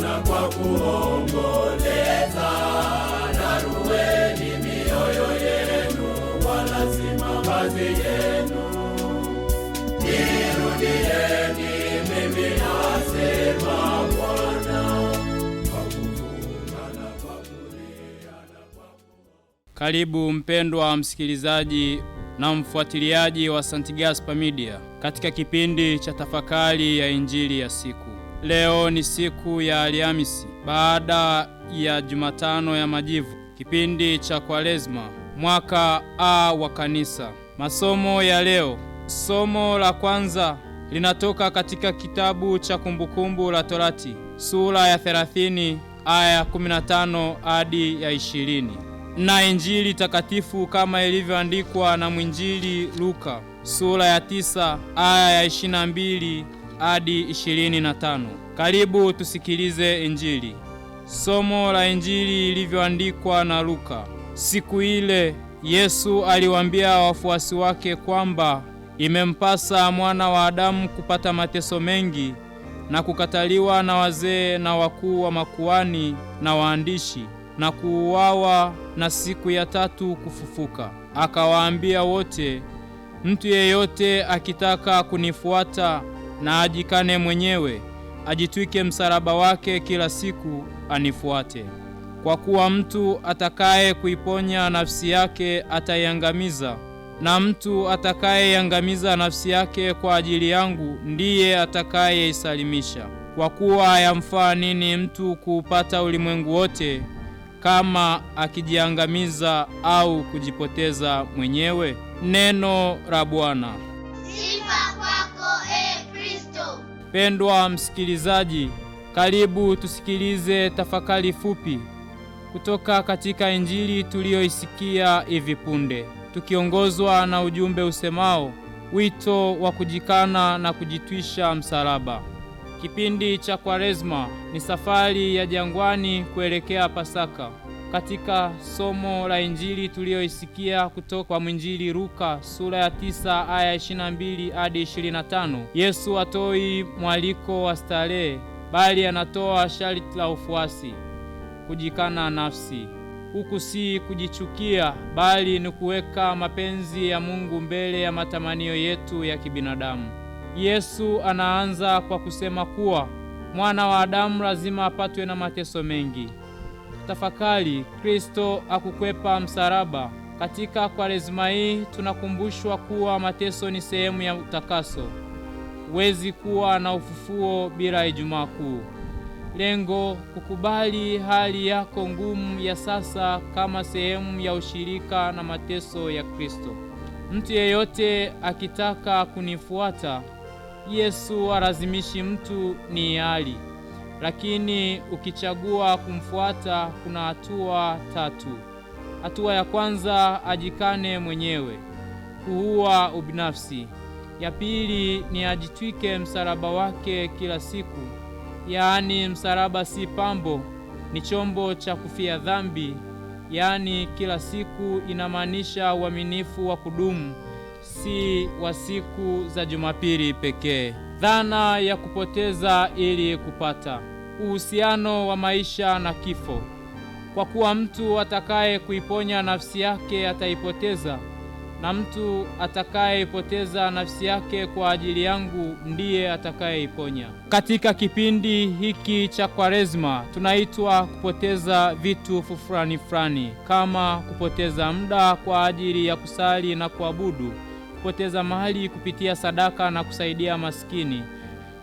Bwana kwa kuomboleza, narueni mioyo yenu, yenu. Nirudieni mimi, Bwana. Karibu mpendwa msikilizaji na mfuatiliaji wa St. Gaspar Media katika kipindi cha tafakari ya Injili ya siku. Leo ni siku ya Alhamisi baada ya Jumatano ya Majivu, kipindi cha Kwaresma, mwaka A wa kanisa. Masomo ya leo, somo la kwanza linatoka katika kitabu cha Kumbukumbu la Torati sura ya 30 aya ya 15 hadi ya 20, na Injili takatifu kama ilivyoandikwa na mwinjili Luka sura ya 9 aya ya 22 hadi 25. Karibu tusikilize Injili. Somo la Injili ilivyoandikwa na Luka. Siku ile Yesu aliwaambia wafuasi wake kwamba imempasa mwana wa Adamu kupata mateso mengi na kukataliwa na wazee na wakuu wa makuhani na waandishi na kuuawa na siku ya tatu kufufuka. Akawaambia wote, mtu yeyote akitaka kunifuata na ajikane mwenyewe, ajitwike msalaba wake kila siku, anifuate. Kwa kuwa mtu atakaye kuiponya nafsi yake ataiangamiza, na mtu atakayeiangamiza nafsi yake kwa ajili yangu ndiye atakayeisalimisha. Kwa kuwa yamfaa nini mtu kuupata ulimwengu wote kama akijiangamiza au kujipoteza mwenyewe? Neno la Bwana. Mpendwa msikilizaji, karibu tusikilize tafakari fupi kutoka katika Injili tuliyoisikia hivi punde, tukiongozwa na ujumbe usemao wito wa kujikana na kujitwisha msalaba. Kipindi cha Kwaresma ni safari ya jangwani kuelekea Pasaka. Katika somo la Injili tuliyoisikia kutoka kwa mwinjili Luka sura ya tisa aya 22 hadi 25, Yesu atoi mwaliko wa starehe, bali anatoa sharti la ufuasi, kujikana nafsi. Huku si kujichukia, bali ni kuweka mapenzi ya Mungu mbele ya matamanio yetu ya kibinadamu. Yesu anaanza kwa kusema kuwa mwana wa Adamu lazima apatwe na mateso mengi tafakari Kristo akukwepa msalaba. Katika Kwaresima hii tunakumbushwa kuwa mateso ni sehemu ya utakaso. Huwezi kuwa na ufufuo bila Ijumaa Kuu. Lengo kukubali hali yako ngumu ya sasa kama sehemu ya ushirika na mateso ya Kristo. Mtu yeyote akitaka kunifuata, Yesu alazimishi mtu ni hali lakini ukichagua kumfuata kuna hatua tatu. Hatua ya kwanza, ajikane mwenyewe, kuua ubinafsi. Ya pili ni ajitwike msalaba wake kila siku, yaani msalaba si pambo, ni chombo cha kufia dhambi, yaani kila siku inamaanisha uaminifu wa kudumu, si wa siku za Jumapili pekee dhana ya kupoteza ili kupata, uhusiano wa maisha na kifo. Kwa kuwa mtu atakaye kuiponya nafsi yake ataipoteza, na mtu atakayeipoteza nafsi yake kwa ajili yangu ndiye atakayeiponya. Katika kipindi hiki cha Kwaresma tunaitwa kupoteza vitu fufurani fulani, kama kupoteza muda kwa ajili ya kusali na kuabudu kupoteza mali kupitia sadaka na kusaidia maskini.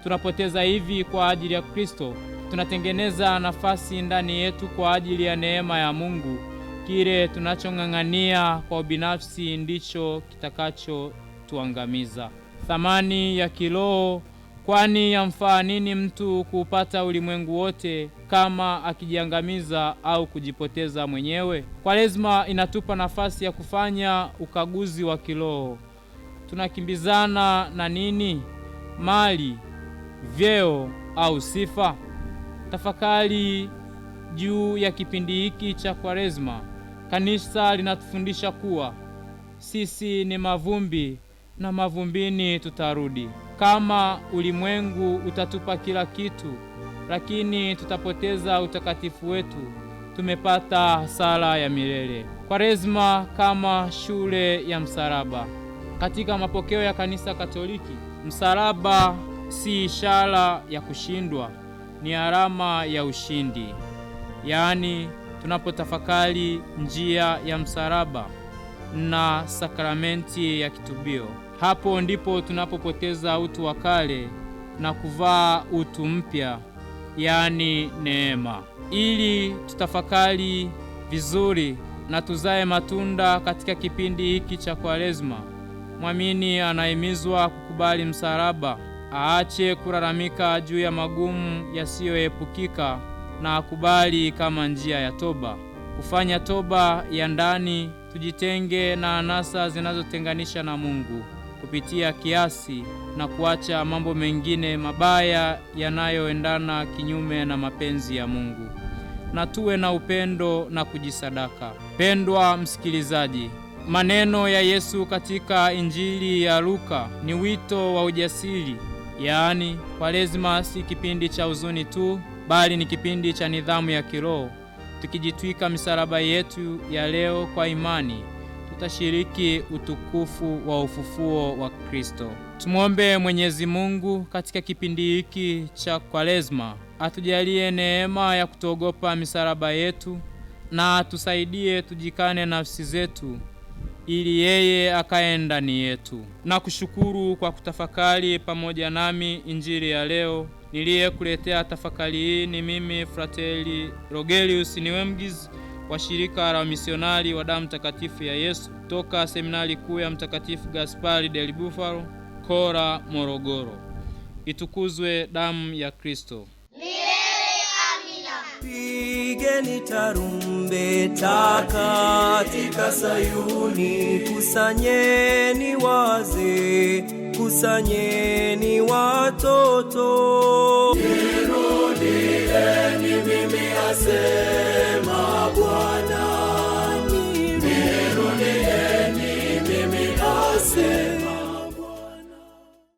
Tunapoteza hivi kwa ajili ya Kristo, tunatengeneza nafasi ndani yetu kwa ajili ya neema ya Mungu. Kile tunachong'ang'ania kwa ubinafsi ndicho kitakachotuangamiza. Thamani ya kiroho Kwani yamfaa nini mtu kuupata ulimwengu wote kama akijiangamiza au kujipoteza mwenyewe? Kwaresma inatupa nafasi ya kufanya ukaguzi wa kiroho tunakimbizana na nini? Mali, vyeo au sifa? Tafakari juu ya kipindi hiki cha Kwaresma. Kanisa linatufundisha kuwa sisi ni mavumbi na mavumbini tutarudi. Kama ulimwengu utatupa kila kitu, lakini tutapoteza utakatifu wetu, tumepata hasara ya milele. Kwaresma kama shule ya msalaba. Katika mapokeo ya kanisa Katoliki, msalaba si ishara ya kushindwa, ni alama ya ushindi. Yaani, tunapotafakari njia ya msalaba na sakramenti ya kitubio, hapo ndipo tunapopoteza utu wa kale na kuvaa utu mpya, yaani neema, ili tutafakari vizuri na tuzae matunda katika kipindi hiki cha Kwaresma. Mwamini anahimizwa kukubali msalaba, aache kulalamika juu ya magumu yasiyoepukika na akubali kama njia ya toba. Kufanya toba ya ndani, tujitenge na anasa zinazotenganisha na Mungu kupitia kiasi na kuacha mambo mengine mabaya yanayoendana kinyume na mapenzi ya Mungu, na tuwe na upendo na kujisadaka. Pendwa msikilizaji, Maneno ya Yesu katika Injili ya Luka ni wito wa ujasiri, yaani Kwaresima si kipindi cha huzuni tu, bali ni kipindi cha nidhamu ya kiroho. Tukijitwika misalaba yetu ya leo kwa imani, tutashiriki utukufu wa ufufuo wa Kristo. Tumwombe Mwenyezi Mungu katika kipindi hiki cha Kwaresima atujalie neema ya kutogopa misalaba yetu na atusaidie tujikane nafsi zetu ili yeye akae ndani yetu. Na kushukuru kwa kutafakari pamoja nami injili ya leo. Niliyekuletea tafakari hii ni mimi Frateli Rogelius Niwemgiz wa shirika la misionari wa damu takatifu ya Yesu toka seminari kuu ya Mtakatifu Gaspari del Bufalo, Kora, Morogoro. Itukuzwe damu ya Kristo! Milele amina! Pigeni tarumbeta! Tuombe katika Sayuni, kusanyeni wazee, kusanyeni watoto. Nirudieni mimi, asema Bwana.